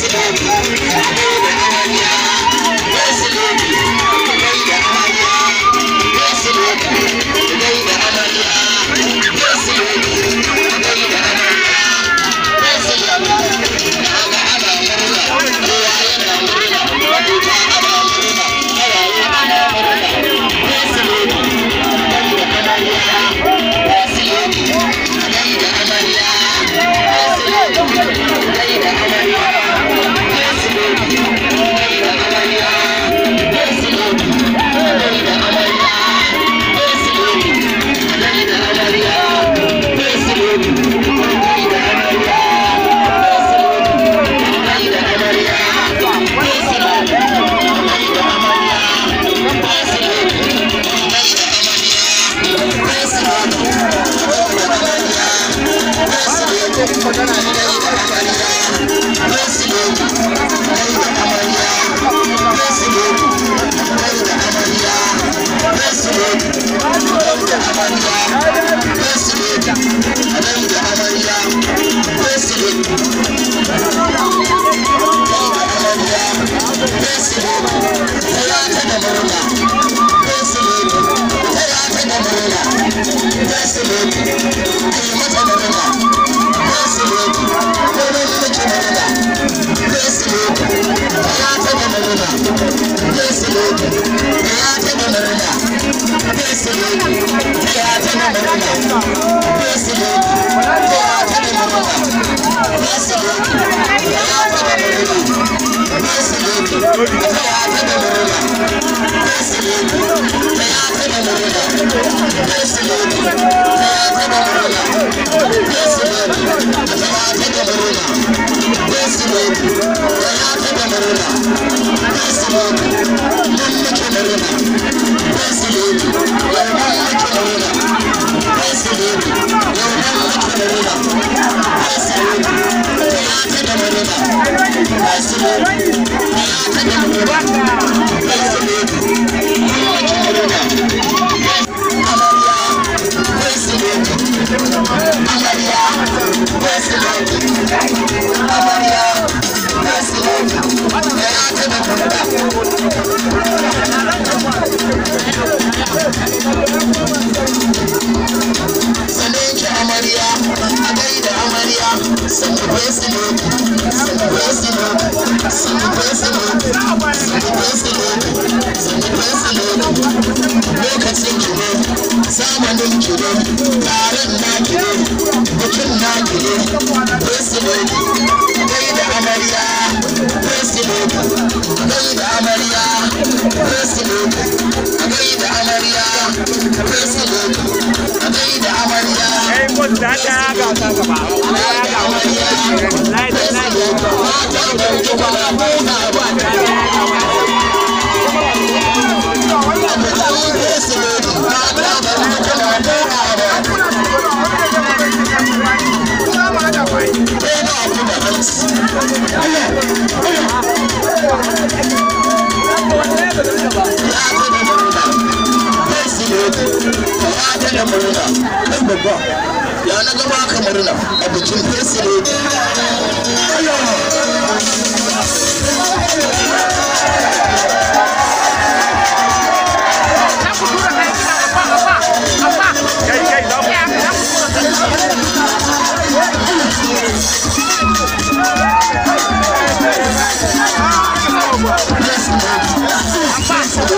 Thank you. shi za ta da Thank you. 搞个，三个八。ta da murna babba ya na gaba ka murna a bikin fesire Thank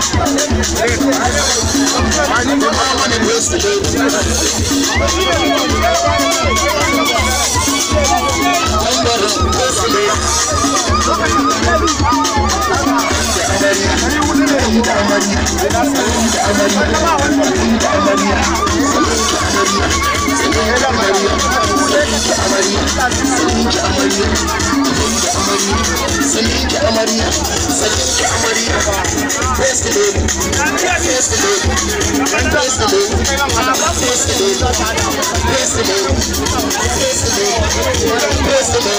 I need the power and Thank you. amariya sanike amariya sanike amariya praise the lord praise the lord praise the lord praise the lord praise the lord praise the lord praise the lord praise the lord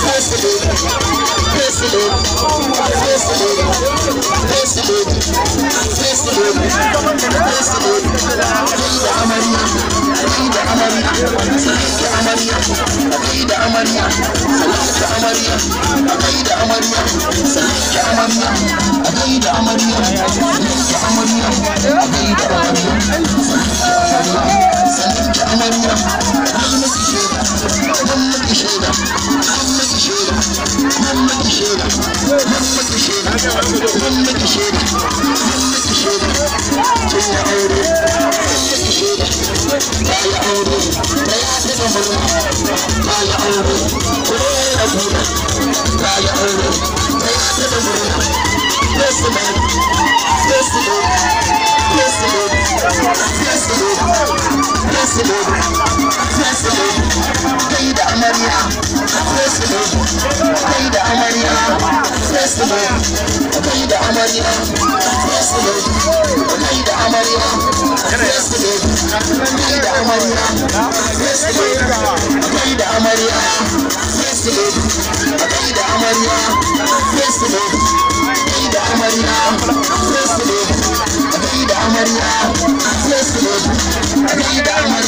praise the lord praise the lord praise the lord praise the lord praise the lord praise the lord praise the lord praise the lord praise the lord amarya akai da amarya salam da amarya akai da amarya salam da amarya akai da amarya salam da amarya akai da amarya salam da amarya an miki an miki shaida an miki shaida an miki يعود وين أبونا لا يعود ليس أمرنا ليس من ليس من ليس من ليس من ليس من ليس من قيد أمرنا ليس من قيد أمرنا ليس من قيد أمرنا ليس من قيد أمرنا ليس من قيد أمرنا ليس من da amarya festival kai da amarya festival kai da amarya festival kai da amarya festival kai da amarya